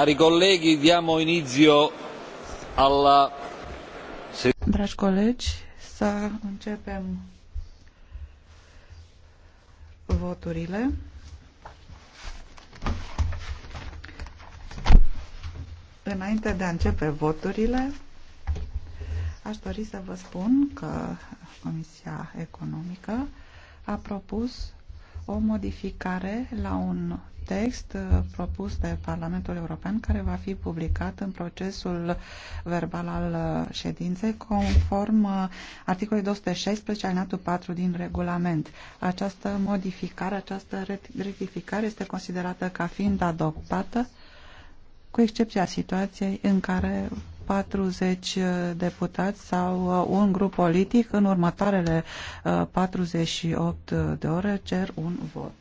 Cari colleghi, diamo inizio alla... Dragi colegi, să începem voturile. Înainte de a începe voturile, aș dori să vă spun că Comisia Economică a propus o modificare la un text uh, propus de Parlamentul European care va fi publicat în procesul verbal al uh, ședinței conform uh, articolului 216 alinatul 4 din regulament. Această modificare, această rectificare este considerată ca fiind adoptată cu excepția situației în care 40 uh, deputați sau uh, un grup politic în următoarele 48 uh, de ore cer un vot.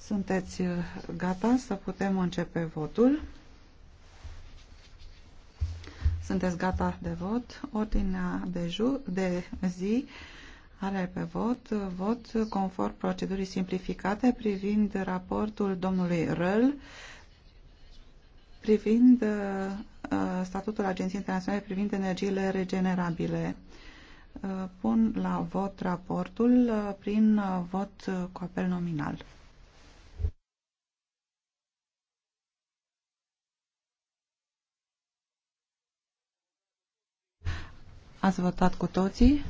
Sunteți gata să putem începe votul? Sunteți gata de vot? Ordinea de, ju de zi are pe vot vot conform procedurii simplificate privind raportul domnului Răl privind uh, statutul Agenției Internaționale privind energiile regenerabile. Uh, pun la vot raportul uh, prin vot cu apel nominal. Ați votat cu toții?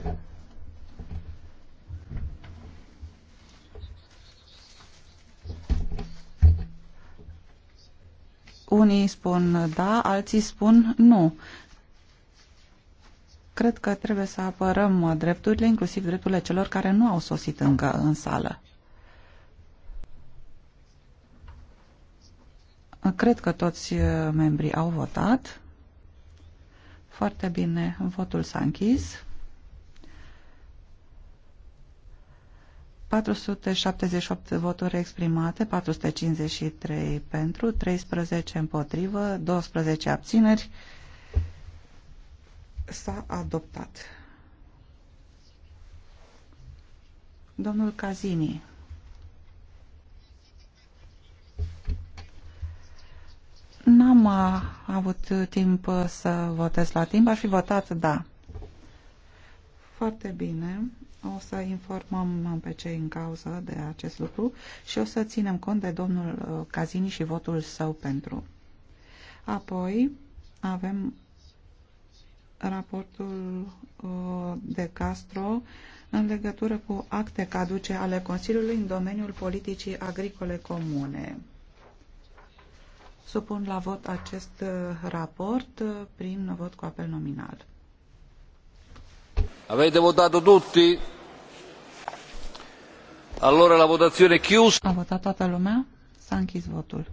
Unii spun da, alții spun nu. Cred că trebuie să apărăm drepturile, inclusiv drepturile celor care nu au sosit încă în sală. Cred că toți uh, membrii au votat. Foarte bine, votul s-a închis. 478 voturi exprimate, 453 pentru, 13 împotrivă, 12 abțineri. S-a adoptat. Domnul Cazini. N-am uh, avut timp uh, să votez la timp, aș fi votat da. Foarte bine. O să informăm pe cei în cauză de acest lucru și o să ținem cont de domnul uh, Cazini și votul său pentru. Apoi avem raportul uh, de Castro în legătură cu acte caduce ale Consiliului în domeniul politicii agricole comune. Supun la vot acest uh, raport prin vot cu apel nominal. Avete votato tutti? Allora la votazione è chiusa. A votat toată lumea? S-a închis votul.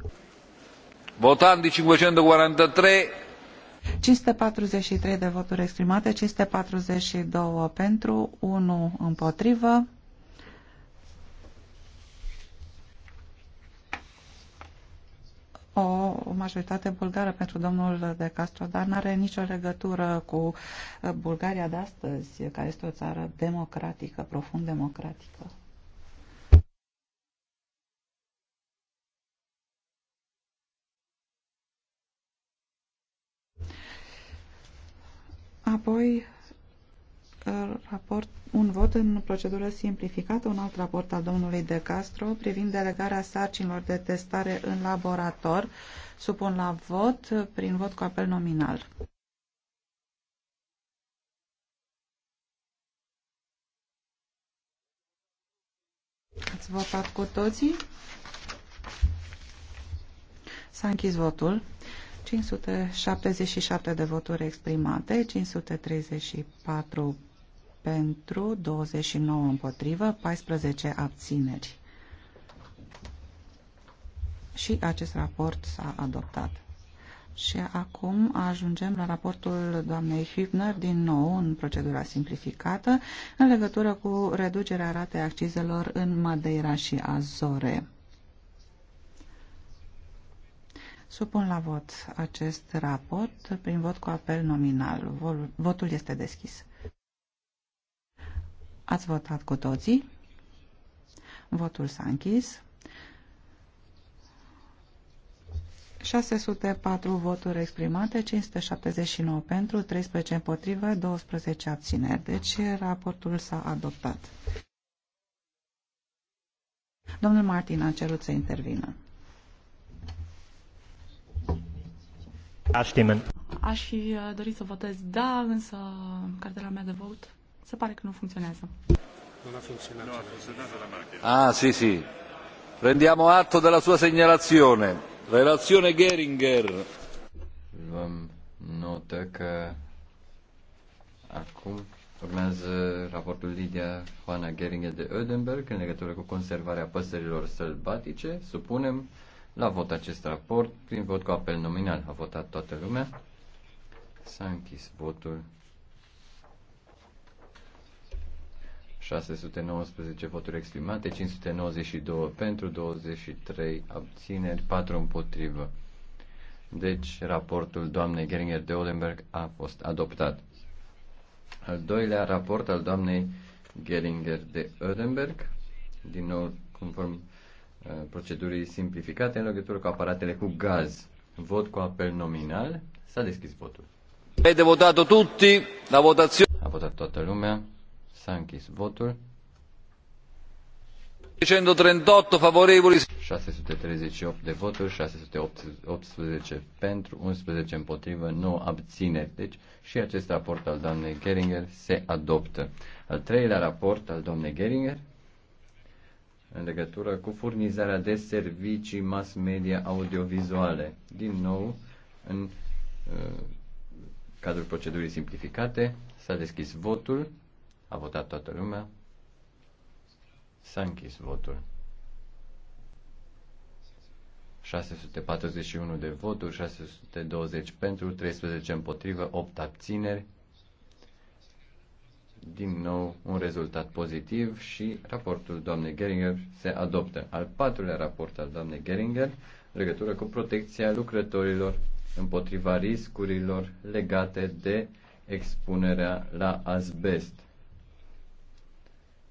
Votanti 543. 543 de voturi exprimate, 542 pentru, 1 împotrivă. o majoritate bulgară pentru domnul De Castro, dar nu are nicio legătură cu uh, Bulgaria de astăzi, care este o țară democratică, profund democratică. Apoi, raport, un vot în procedură simplificată, un alt raport al domnului De Castro privind delegarea sarcinilor de testare în laborator. Supun la vot prin vot cu apel nominal. Ați votat cu toții? S-a închis votul. 577 de voturi exprimate, 534 pentru, 29 împotrivă, 14 abțineri. Și acest raport s-a adoptat. Și acum ajungem la raportul doamnei Hübner, din nou în procedura simplificată, în legătură cu reducerea ratei accizelor în Madeira și Azore. Supun la vot acest raport prin vot cu apel nominal. Votul este deschis. Ați votat cu toții. Votul s-a închis. 604 voturi exprimate, 579 pentru, 13 împotrivă, 12 abțineri. Deci raportul s-a adoptat. Domnul Martin a cerut să intervină. Aș fi uh, dorit să votez da, însă cartela mea de vot se pare că nu funcționează. Nu a funcționat. funcționat la macchina. Ah, sì, sì. Prendiamo atto della sua segnalazione. Relazione Geringer. Luăm note că acum urmează raportul Lidia Juana Geringer de Ödenberg în legătură cu conservarea păsărilor sălbatice. Supunem la vot acest raport prin vot cu apel nominal. A votat toată lumea. S-a închis votul. 619 voturi exprimate, 592 pentru, 23 abțineri, 4 împotrivă. Deci, raportul doamnei Geringer de Odenberg a fost adoptat. Al doilea raport al doamnei Geringer de Odenberg, din nou conform uh, procedurii simplificate în legătură cu aparatele cu gaz. Vot cu apel nominal. S-a deschis votul. Avete votato tutti la votazione deschis votul. 638 favorevoli. 638 de voturi, 618 pentru, 11 împotrivă, 9 abțineri. Deci și acest raport al doamnei Geringer se adoptă. Al treilea raport al doamnei Geringer în legătură cu furnizarea de servicii mass media audiovizuale. Din nou, în uh, cadrul procedurii simplificate, s-a deschis votul. A votat toată lumea. S-a închis votul. 641 de voturi, 620 pentru, 13 împotrivă, 8 abțineri. Din nou, un rezultat pozitiv și raportul doamnei Geringer se adoptă. Al patrulea raport al doamnei Geringer, legătură cu protecția lucrătorilor împotriva riscurilor legate de expunerea la asbest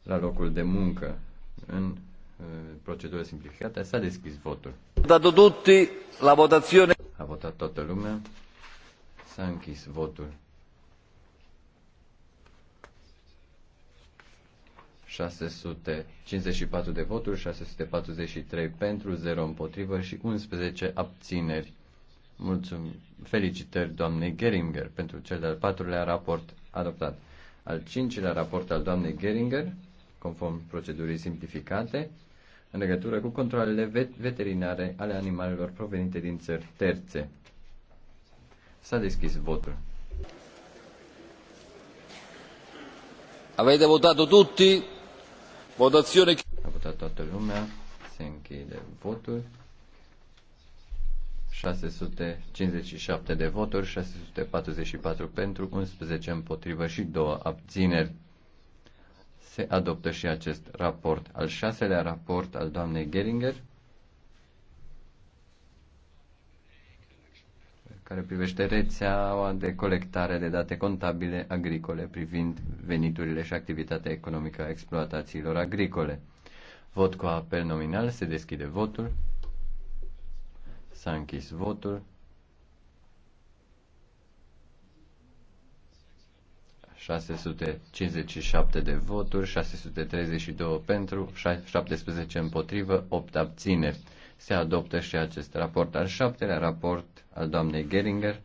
la locul de muncă. În uh, procedură simplificată s-a deschis votul. la votazione. A votat toată lumea. S-a închis votul. 654 de voturi, 643 pentru, 0 împotrivă și 11 abțineri. Mulțumim. Felicitări doamnei Geringer pentru cel de-al patrulea raport adoptat. Al cincilea raport al doamnei Geringer conform procedurii simplificate, în legătură cu controlele veterinare ale animalelor provenite din țări terțe. S-a deschis votul. Avete votato tutti? Votazione A votat toată lumea. Se închide votul. 657 de voturi, 644 pentru, 11 împotrivă și 2 abțineri se adoptă și acest raport. Al șaselea raport al doamnei Geringer, care privește rețeaua de colectare de date contabile agricole privind veniturile și activitatea economică a exploatațiilor agricole. Vot cu apel nominal, se deschide votul. S-a închis votul. 657 de voturi, 632 pentru, 17 împotrivă, 8 abține. Se adoptă și acest raport. Al șaptelea raport al doamnei Geringer,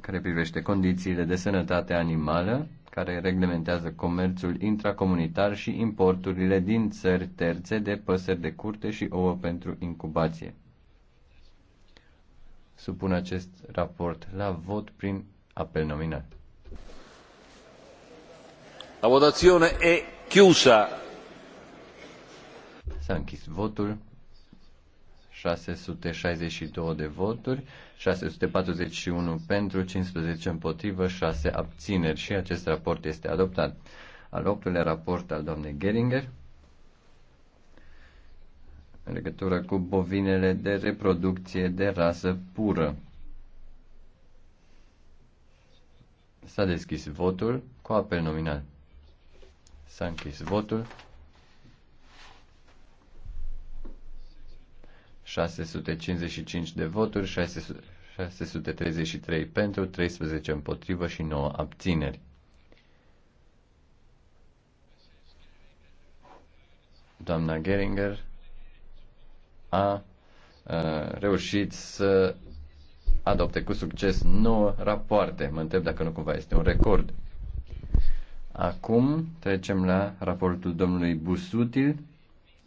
care privește condițiile de sănătate animală, care reglementează comerțul intracomunitar și importurile din țări terțe de păsări de curte și ouă pentru incubație. Supun acest raport la vot prin Apel nominal. La votazione è chiusa. S-a închis votul. 662 de voturi, 641 pentru, 15 împotrivă, 6 abțineri și acest raport este adoptat. Al optulea raport al doamnei Geringer în legătură cu bovinele de reproducție de rasă pură. S-a deschis votul cu apel nominal. S-a închis votul. 655 de voturi, 633 pentru, 13 împotrivă și 9 abțineri. Doamna Geringer a, a reușit să adopte cu succes 9 rapoarte. Mă întreb dacă nu cumva este un record. Acum trecem la raportul domnului Busutil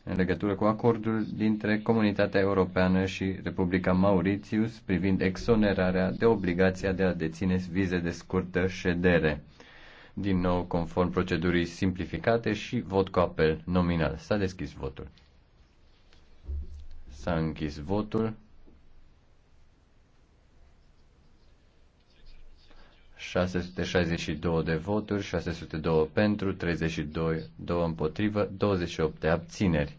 în legătură cu acordul dintre Comunitatea Europeană și Republica Mauritius privind exonerarea de obligația de a deține vize de scurtă ședere. Din nou, conform procedurii simplificate și vot cu apel nominal. S-a deschis votul. S-a închis votul. 662 de voturi, 602 pentru, 32 2 împotrivă, 28 de abțineri.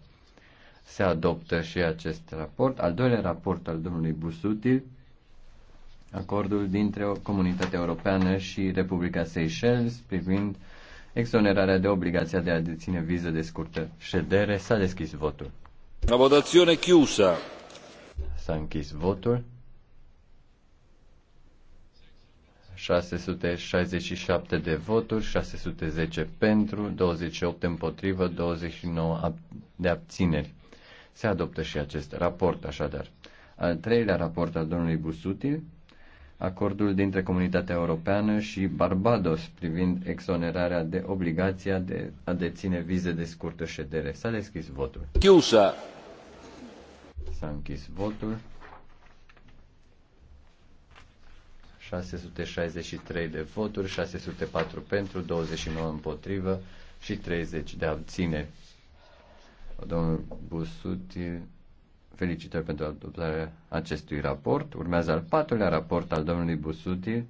Se adoptă și acest raport. Al doilea raport al domnului Busutil, acordul dintre Comunitatea Europeană și Republica Seychelles privind exonerarea de obligația de a deține viză de scurtă ședere, s-a deschis votul. La votazione chiusa. S-a închis votul. 667 de voturi, 610 pentru, 28 împotrivă, 29 de abțineri. Se adoptă și acest raport, așadar. Al treilea raport al domnului Busutil, acordul dintre Comunitatea Europeană și Barbados privind exonerarea de obligația de a deține vize de scurtă ședere. S-a deschis votul. S-a închis votul. 663 de voturi, 604 pentru, 29 împotrivă și 30 de abține. Domnul Busuti, felicitări pentru adoptarea acestui raport. Urmează al patrulea raport al domnului Busuti,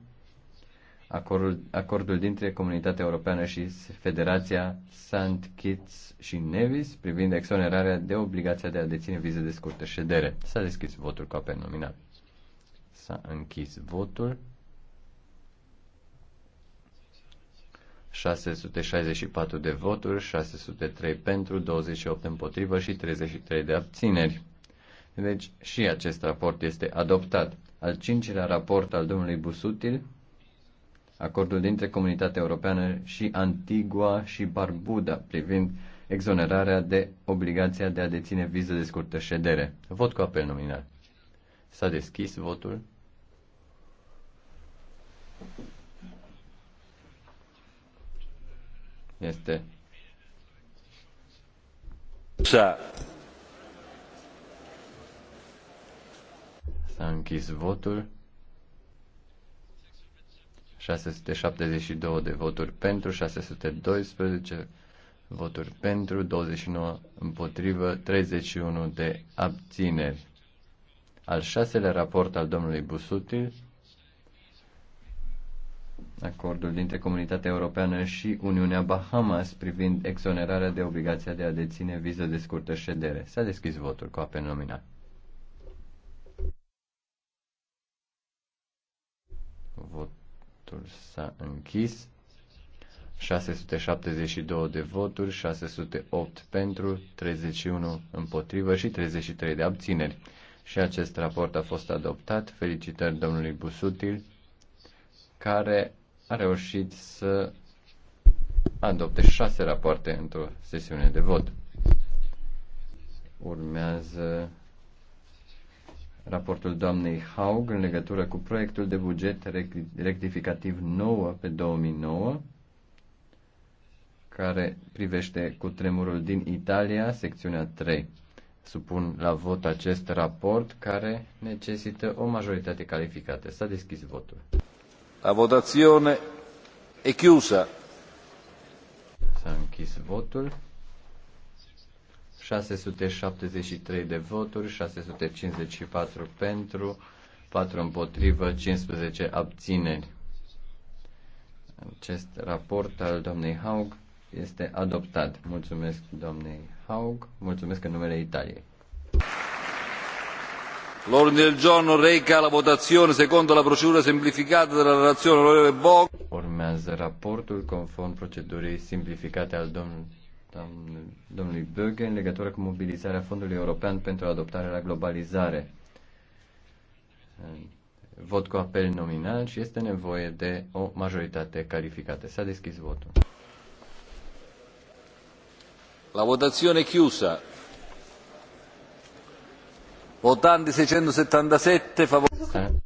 acordul, acordul dintre Comunitatea Europeană și Federația St. Kitts și Nevis privind exonerarea de obligația de a deține vize de scurtă ședere. S-a deschis votul cu apel nominal. S-a închis votul. 664 de voturi, 603 pentru, 28 împotrivă și 33 de abțineri. Deci și acest raport este adoptat. Al cincilea raport al domnului Busutil, acordul dintre Comunitatea Europeană și Antigua și Barbuda privind exonerarea de obligația de a deține viză de scurtă ședere. Vot cu apel nominal. S-a deschis votul. este S-a închis votul. 672 de voturi pentru, 612 voturi pentru, 29 împotrivă, 31 de abțineri. Al șaselea raport al domnului Busutil acordul dintre Comunitatea Europeană și Uniunea Bahamas privind exonerarea de obligația de a deține viză de scurtă ședere. S-a deschis votul cu apel nominal. Votul s-a închis. 672 de voturi, 608 pentru, 31 împotrivă și 33 de abțineri. Și acest raport a fost adoptat. Felicitări domnului Busutil, care a reușit să adopte șase rapoarte într-o sesiune de vot. Urmează raportul doamnei Haug în legătură cu proiectul de buget rectificativ 9 pe 2009 care privește cu tremurul din Italia, secțiunea 3. Supun la vot acest raport care necesită o majoritate calificată. S-a deschis votul. La votazione è chiusa. S-a închis votul. 673 de voturi, 654 pentru, 4 împotrivă, 15 abțineri. Acest raport al doamnei Haug este adoptat. Mulțumesc doamnei Haug, mulțumesc în numele Italiei. L'ordine del giorno reca la votazione secondo la procedura semplificata della relazione onorevole Bog. Urmează raportul conform procedurii simplificate al domnului Böge în legătură cu mobilizarea Fondului European pentru adoptarea la globalizare. Vot cu apel nominal și este nevoie de o majoritate calificată. S-a deschis votul. La votazione chiusa. Votanti 677 favorevoli.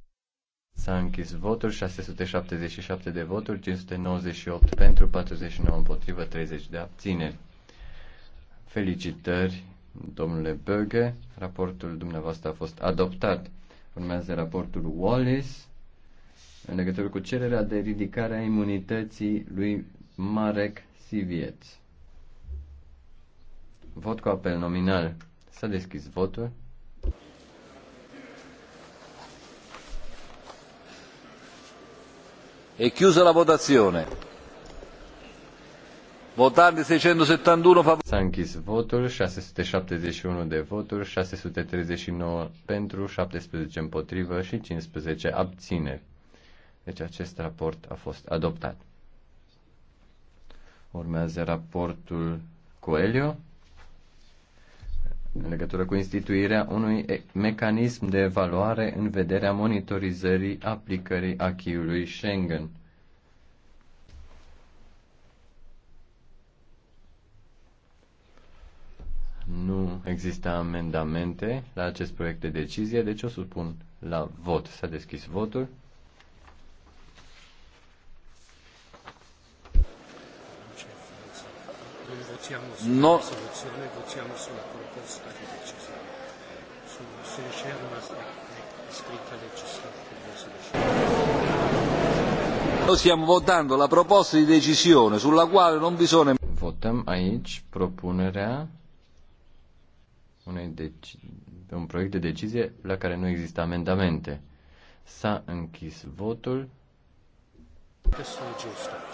S-a închis votul, 677 de voturi, 598 pentru, 49 împotrivă, 30 de abțineri. Felicitări, domnule Böge, raportul dumneavoastră a fost adoptat. Urmează raportul Wallace, în legătură cu cererea de ridicare a imunității lui Marek Sivieț. Vot cu apel nominal. S-a deschis votul. è chiusa la votazione votanti 671 favorevoli s-a închis votul 671 de voturi 639 pentru 17 împotrivă și 15 abțineri deci acest raport a fost adoptat urmează raportul Coelho în legătură cu instituirea unui mecanism de evaluare în vederea monitorizării aplicării acquis Schengen. Nu există amendamente la acest proiect de decizie, deci o supun la vot. S-a deschis votul. votiamo sulla no. risoluzione, votiamo sulla proposta di decisione. Su, se c'è rimasta scritta legislativa. Noi stiamo votando la proposta di decisione sulla quale non vi sono... Votăm aici propunerea unei deci... de un proiect de decizie la care nu există amendamente. S-a închis votul. Testul giusto.